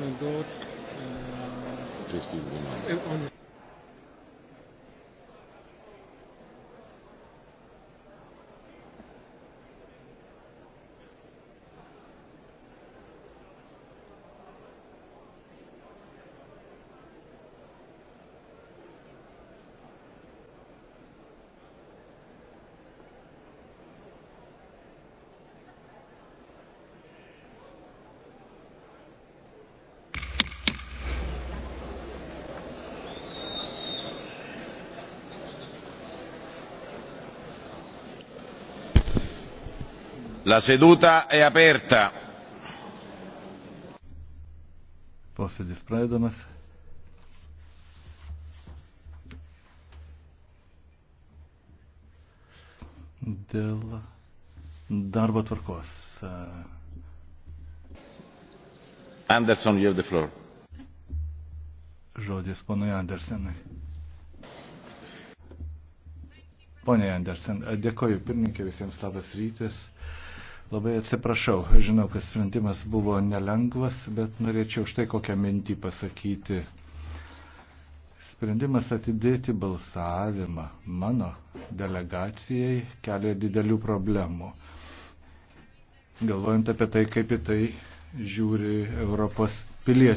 Thank God. Uh, La seduta è aperta. Posėdis pradedamas. Dėl darbo tvarkos. Anderson, you have the floor. Žodis ponui Andersenui. Pone Andersen, dėkoju pirmininkė visiems labas rytas. Uh, Labai atsiprašau, žinau, kad sprendimas buvo nelengvas, bet norėčiau štai kokią mintį pasakyti. Sprendimas atidėti balsavimą mano delegacijai kelia didelių problemų. Galvojant apie tai, kaip į tai žiūri Europos piliečiai.